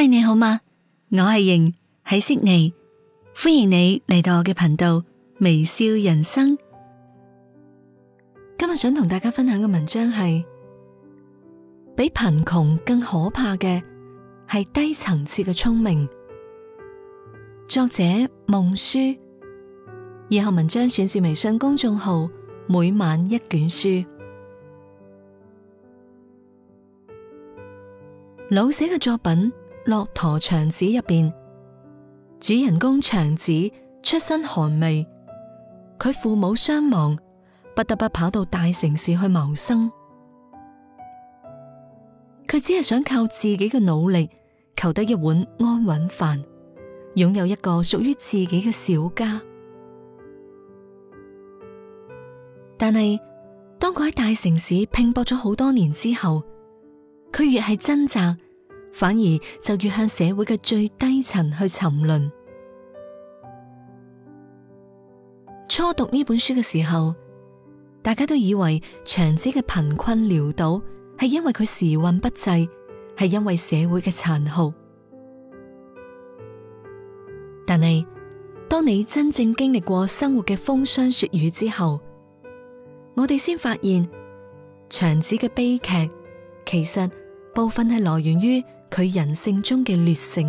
嗨，你好嗎？我係瑩喺悉尼，歡迎你嚟到我嘅頻道微笑人生。今日想同大家分享嘅文章係比貧窮更可怕嘅係低層次嘅聰明。作者夢書，以下文章選自微信公眾號每晚一卷書。老寫嘅作品。駱駝祥子入邊，主人公祥子出身寒微，佢父母雙亡，不得不跑到大城市去謀生。佢只係想靠自己嘅努力，求得一碗安穩飯，擁有一個屬於自己嘅小家。但係當佢喺大城市拼搏咗好多年之後，佢越係掙扎。反而就越向社會嘅最低層去沉淪。初讀呢本書嘅時候，大家都以為祥子嘅貧困潦倒係因為佢時運不濟，係因為社會嘅殘酷。但係當你真正經歷過生活嘅風霜雪雨之後，我哋先發現祥子嘅悲劇其實部分係來源於。佢人性中嘅劣性，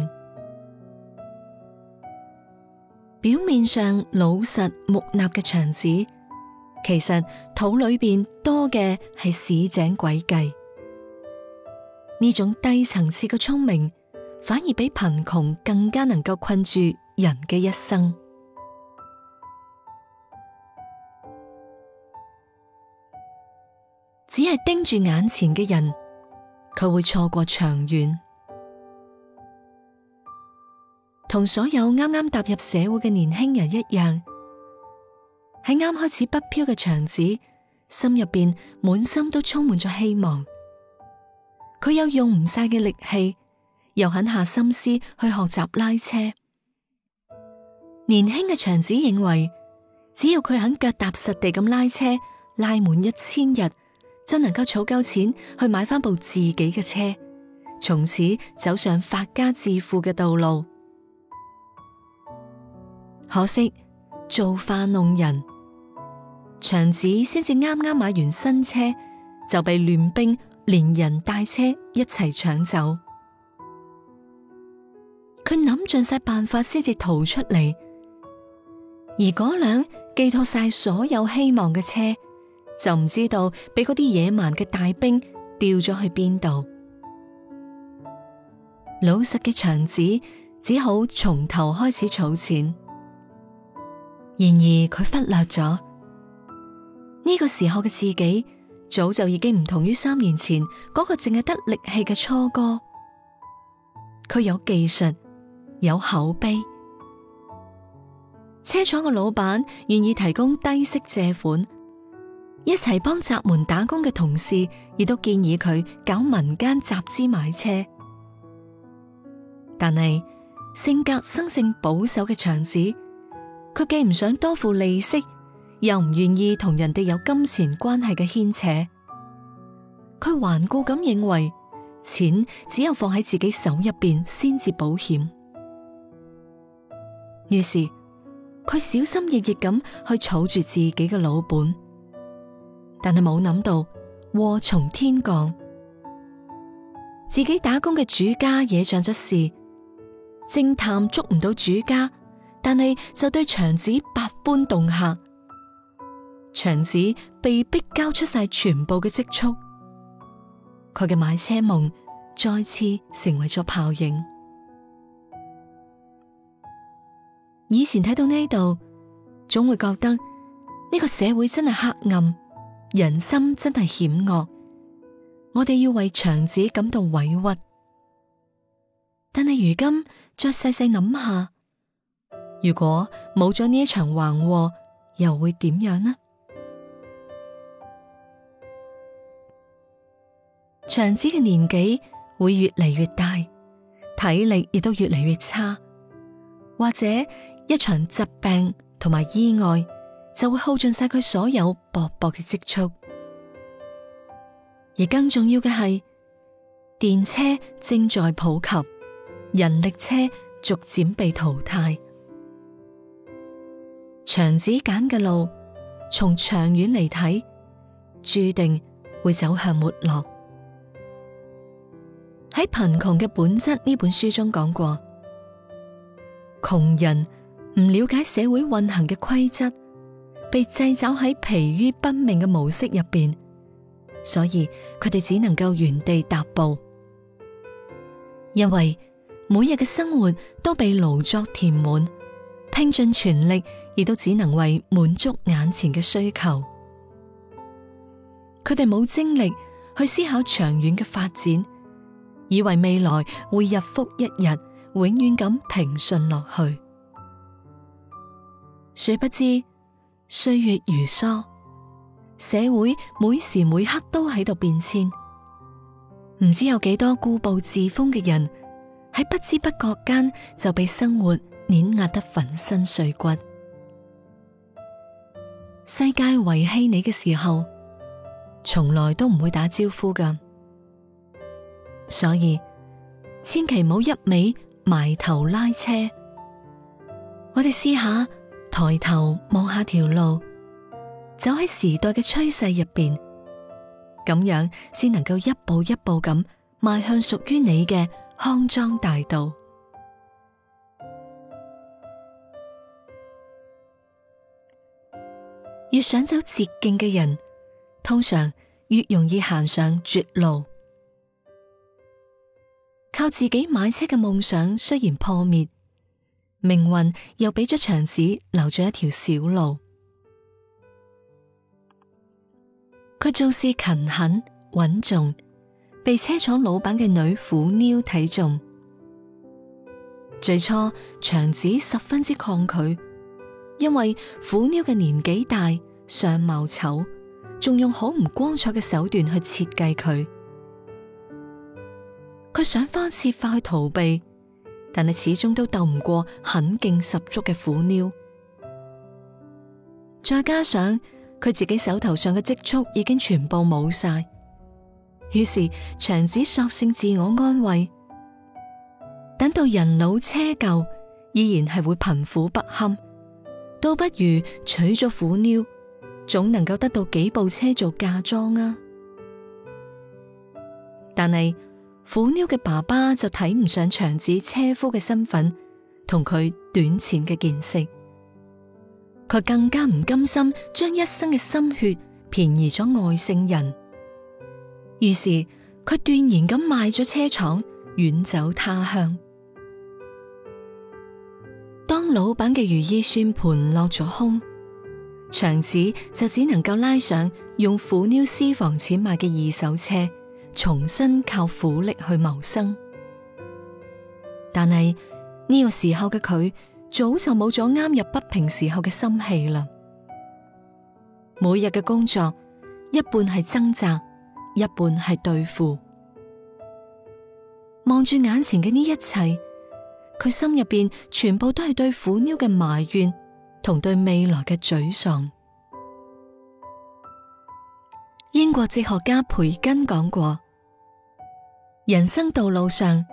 表面上老實木訥嘅腸子，其實肚裏邊多嘅係市井詭計。呢種低層次嘅聰明，反而比貧窮更加能夠困住人嘅一生。只係盯住眼前嘅人，佢會錯過長遠。同所有啱啱踏入社會嘅年輕人一樣，喺啱開始北漂嘅祥子，心入邊滿心都充滿咗希望。佢有用唔晒嘅力氣，又狠下心思去學習拉車。年輕嘅祥子認為，只要佢肯腳踏實地咁拉車，拉滿一千日，就能夠儲夠錢去買翻部自己嘅車，從此走上發家致富嘅道路。可惜造化弄人，祥子先至啱啱買完新車，就被亂兵連人帶車一齊搶走。佢諗盡晒辦法先至逃出嚟，而嗰輛寄託晒所有希望嘅車，就唔知道俾嗰啲野蠻嘅大兵掉咗去邊度。老實嘅祥子只好從頭開始儲錢。然而佢忽略咗呢個時候嘅自己，早就已經唔同於三年前嗰個淨係得力氣嘅初哥。佢有技術，有口碑，車廠嘅老闆願意提供低息借款，一齊幫宅門打工嘅同事亦都建議佢搞民間集資買車。但係性格生性保守嘅祥子。佢既唔想多付利息，又唔願意同人哋有金錢關係嘅牽扯。佢頑固咁認為，錢只有放喺自己手入邊先至保險。於是佢小心翼翼咁去儲住自己嘅老本，但係冇諗到禍從天降，自己打工嘅主家惹上咗事，偵探捉唔到主家。但係就對祥子百般動吓，祥子被逼交出晒全部嘅積蓄，佢嘅買車夢再次成為咗泡影。以前睇到呢度，總會覺得呢、這個社會真係黑暗，人心真係險惡，我哋要為祥子感到委屈。但係如今再細細諗下。如果冇咗呢一場橫禍，又會點樣呢？祥子嘅年紀會越嚟越大，體力亦都越嚟越差，或者一場疾病同埋意外就會耗盡晒佢所有薄薄嘅積蓄。而更重要嘅係，電車正在普及，人力車逐漸被淘汰。長子揀嘅路，從長遠嚟睇，注定會走向沒落。喺貧窮嘅本質呢本書中講過，窮人唔了解社會運行嘅規則，被制走喺疲於奔命嘅模式入邊，所以佢哋只能夠原地踏步，因為每日嘅生活都被勞作填滿。拼盡全力，亦都只能為滿足眼前嘅需求。佢哋冇精力去思考長遠嘅發展，以為未來會日復一日，永遠咁平順落去。殊不知歲月如梭，社會每時每刻都喺度變遷。唔知有幾多固步自封嘅人喺不知不覺間就被生活。碾壓得粉身碎骨。世界遺棄你嘅時候，從來都唔會打招呼噶，所以千祈唔好一味埋頭拉車。我哋試下抬頭望下條路，走喺時代嘅趨勢入邊，咁樣先能夠一步一步咁邁向屬於你嘅康莊大道。越想走捷徑嘅人，通常越容易行上絕路。靠自己買車嘅夢想雖然破滅，命運又俾咗祥子留咗一條小路。佢做事勤懇穩重，被車廠老闆嘅女虎妞睇中。最初，祥子十分之抗拒。因為虎妞嘅年紀大、相貌醜，仲用好唔光彩嘅手段去設計佢。佢想方設法去逃避，但係始終都鬥唔過狠勁十足嘅虎妞。再加上佢自己手頭上嘅積蓄已經全部冇晒，於是祥子索性自我安慰，等到人老車舊，依然係會貧苦不堪。倒不如娶咗虎妞，總能夠得到幾部車做嫁妝啊！但係虎妞嘅爸爸就睇唔上祥子車夫嘅身份同佢短淺嘅見識，佢更加唔甘心將一生嘅心血便宜咗外姓人，於是佢斷然咁賣咗車廠，遠走他鄉。老闆嘅如意算盤落咗空，祥子就只能夠拉上用虎妞私房錢買嘅二手車，重新靠苦力去謀生。但係呢個時候嘅佢，早就冇咗啱入不平時候嘅心氣啦。每日嘅工作，一半係掙扎，一半係對付。望住眼前嘅呢一切。佢心入邊全部都係對虎妞嘅埋怨，同對未來嘅沮喪。英國哲學家培根講過：人生道路上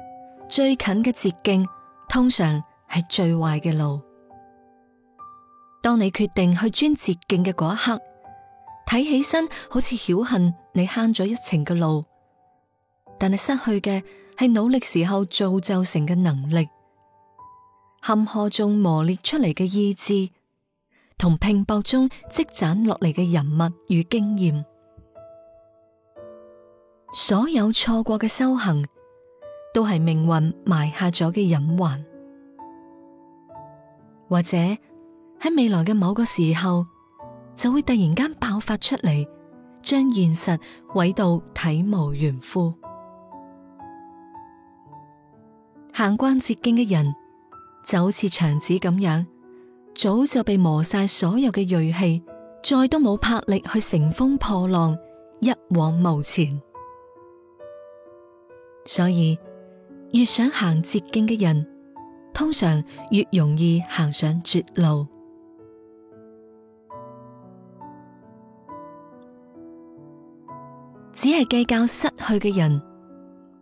最近嘅捷徑，通常係最壞嘅路。當你決定去鑽捷徑嘅嗰一刻，睇起身好似僥倖你慳咗一程嘅路，但係失去嘅係努力時候造就成嘅能力。坎坷中磨練出嚟嘅意志，同拼搏中積攢落嚟嘅人物與經驗，所有錯過嘅修行，都係命運埋下咗嘅隱患，或者喺未來嘅某個時候，就會突然間爆發出嚟，將現實毀到體無完膚。行關捷徑嘅人。就好似長子咁樣，早就被磨晒所有嘅銳氣，再都冇魄力，去乘風破浪，一往無前。所以，越想行捷徑嘅人，通常越容易行上絕路。只係計較失去嘅人，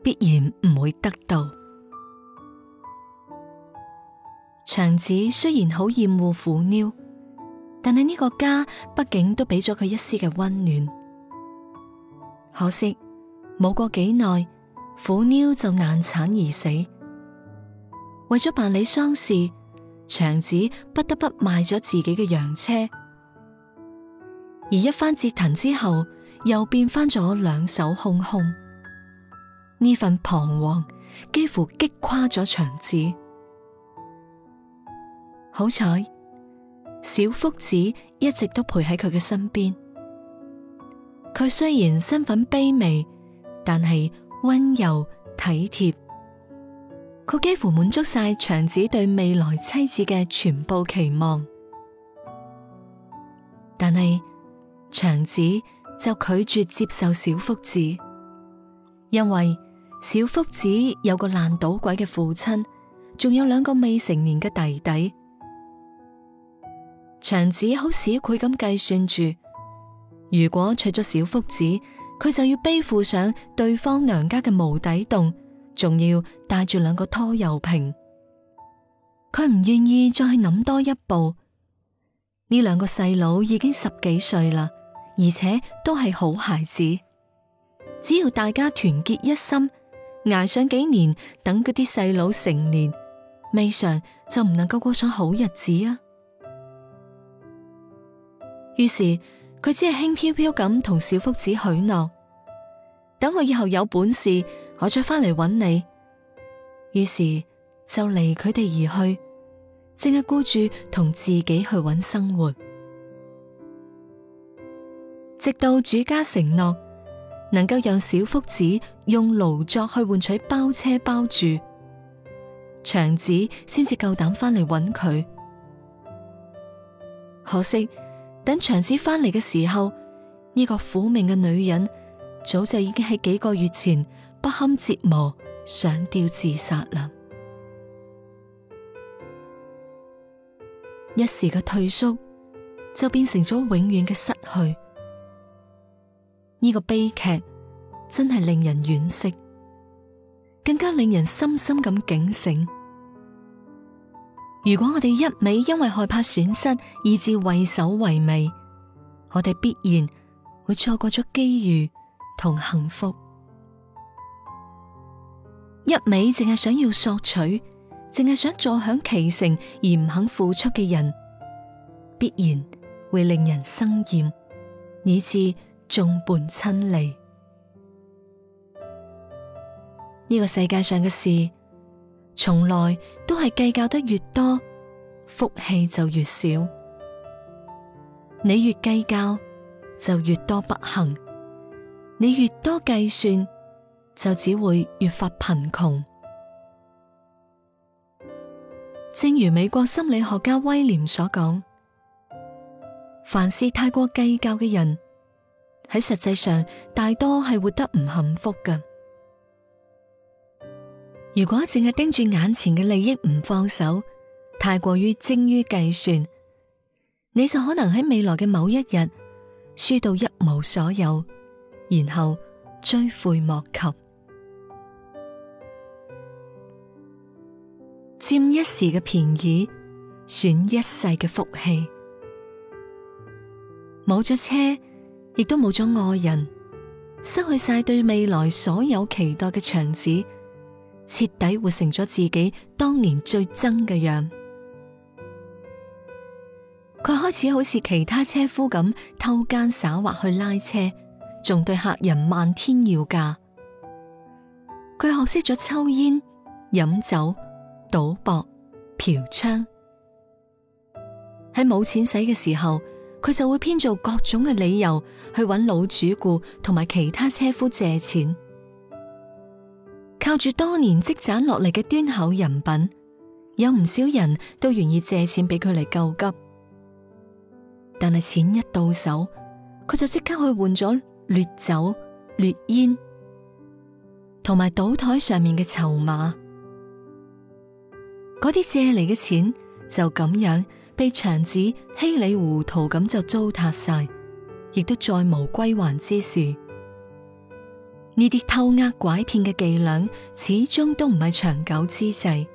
必然唔會得到。祥子雖然好厭惡虎妞，但係呢個家畢竟都俾咗佢一絲嘅溫暖。可惜冇過幾耐，虎妞就難產而死。為咗辦理喪事，祥子不得不賣咗自己嘅洋車，而一番折騰之後，又變翻咗兩手空空。呢份彷徨幾乎，幾乎，幾乎擊垮咗祥子。好彩，小福子一直都陪喺佢嘅身邊。佢雖然身份卑微，但係温柔體貼，佢幾乎滿足晒祥子對未來妻子嘅全部期望。但係祥子就拒絕接受小福子，因為小福子有個爛賭鬼嘅父親，仲有兩個未成年嘅弟弟。祥子好小氣咁計算住，如果娶咗小福子，佢就要背負上對方娘家嘅無底洞，仲要帶住兩個拖油瓶。佢唔願意再去諗多一步。呢兩個細佬已經十幾歲啦，而且都係好孩子。只要大家團結一心，捱上幾年，等嗰啲細佬成年，未嘗就唔能夠過上好日子啊！於是佢只係輕飄飄咁同小福子許諾，等我以後有本事，我再翻嚟搵你。於是就離佢哋而去，淨係顧住同自己去搵生活。直到主家承諾能夠讓小福子用勞作去換取包車包住，祥子先至夠膽翻嚟搵佢。可惜。等祥子翻嚟嘅時候，呢個苦命嘅女人早就已經喺幾個月前不堪折磨上吊自殺啦。一時嘅退縮就變成咗永遠嘅失去。呢個悲劇真係令人惋惜，更加令人深深咁警醒。如果我哋一味因為害怕損失，以至畏首畏尾，我哋必然會錯過咗機遇同幸福。一味淨係想要索取，淨係想坐享其成而唔肯付出嘅人，必然會令人生厭，以至眾叛親離。呢個世界上嘅事。從來都係計較得越多，福氣就越少。你越計較，就越多不幸；你越多計算，就只會越發貧窮。正如美國心理學家威廉所講：凡事太過計較嘅人，喺實際上大多係活得唔幸福噶。如果淨係盯住眼前嘅利益唔放手，太過於精於計算，你就可能喺未來嘅某一日輸到一無所有，然後追悔莫及。佔一時嘅便宜，損一世嘅福氣。冇咗車，亦都冇咗愛人，失去晒對未來所有期待嘅場子。徹底活成咗自己當年最憎嘅樣，佢開始好似其他車夫咁偷奸耍滑去拉車，仲對客人漫天要價。佢學識咗抽煙、飲酒、賭博、嫖娼。喺冇錢使嘅時候，佢就會編造各種嘅理由去搵老主顧同埋其他車夫借錢。靠住多年積攢落嚟嘅端口人品，有唔少人都願意借錢俾佢嚟救急。但係錢一到手，佢就即刻去換咗劣酒劣煙，同埋賭台上面嘅籌碼。嗰啲借嚟嘅錢就咁樣被祥子稀裏糊塗咁就糟蹋晒，亦都再無歸還之時。呢啲偷呃拐騙嘅伎倆始終都唔係長久之計。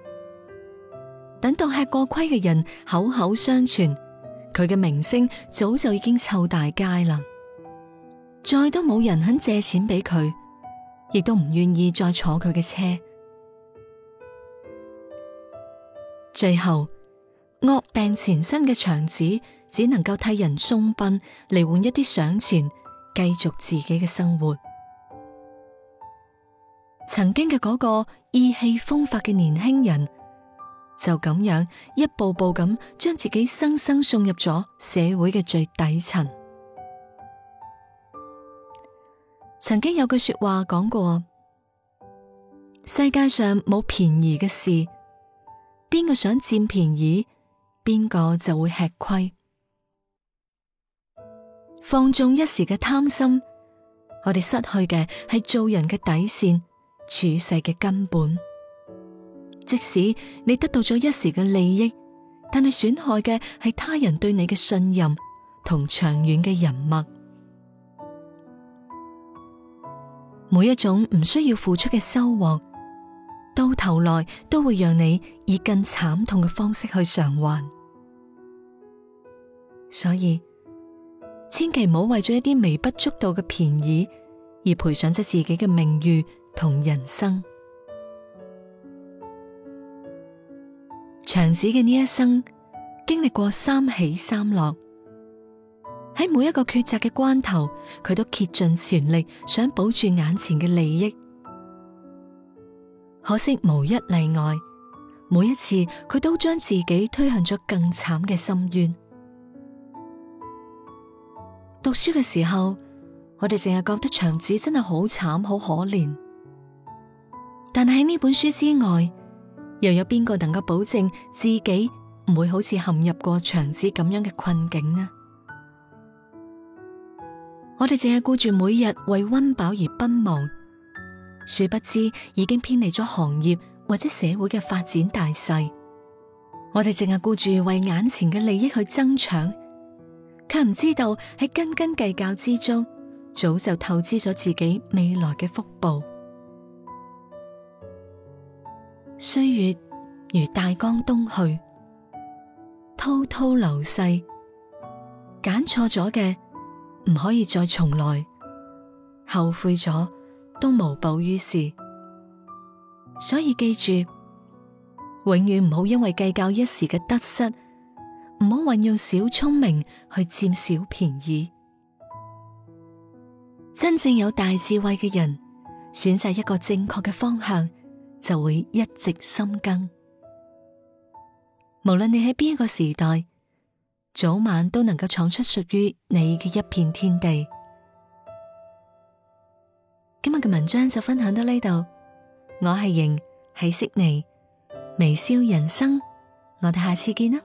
等到吃過虧嘅人口口相傳，佢嘅名聲早就已經臭大街啦。再都冇人肯借錢俾佢，亦都唔願意再坐佢嘅車。最後惡病纏身嘅祥子只能夠替人送殯嚟換一啲賞錢，繼續自己嘅生活。曾經嘅嗰個意氣風發嘅年輕人，就咁樣一步步咁將自己生生送入咗社會嘅最底層。曾經有句說話講過：世界上冇便宜嘅事，邊個想佔便宜，邊個就會吃虧。放縱一時嘅貪心，我哋失去嘅係做人嘅底線。處世嘅根本，即使你得到咗一時嘅利益，但係損害嘅係他人對你嘅信任同長遠嘅人脈。每一種唔需要付出嘅收穫，到頭來都會讓你以更慘痛嘅方式去償還。所以，千祈唔好為咗一啲微不足道嘅便宜而賠上咗自己嘅名譽。同人生，祥子嘅呢一生經歷過三起三落。喺每一個抉擇嘅關頭，佢都竭盡全力想保住眼前嘅利益。可惜無一例外，每一次佢都將自己推向咗更慘嘅深淵。讀書嘅時候，我哋淨係覺得祥子真係好慘好可憐。但喺呢本書之外，又有邊個能夠保證自己唔會好似陷入過長子咁樣嘅困境呢？我哋淨係顧住每日為溫飽而奔忙，殊不知已經偏離咗行業或者社會嘅發展大勢。我哋淨係顧住為眼前嘅利益去爭搶，卻唔知道喺斤斤計較之中，早就透支咗自己未來嘅福報。歲月如大江東去，滔滔流逝。揀錯咗嘅唔可以再重來，後悔咗都無補於事。所以記住，永遠唔好因為計較一時嘅得失，唔好運用小聰明去佔小便宜。真正有大智慧嘅人，選擇一個正確嘅方向，就會一直深耕，無論你喺邊一個時代，早晚都能夠闖出屬於你嘅一片天地。今日嘅文章就分享到呢度，我係瑩，喺悉尼微笑人生，我哋下次見啦。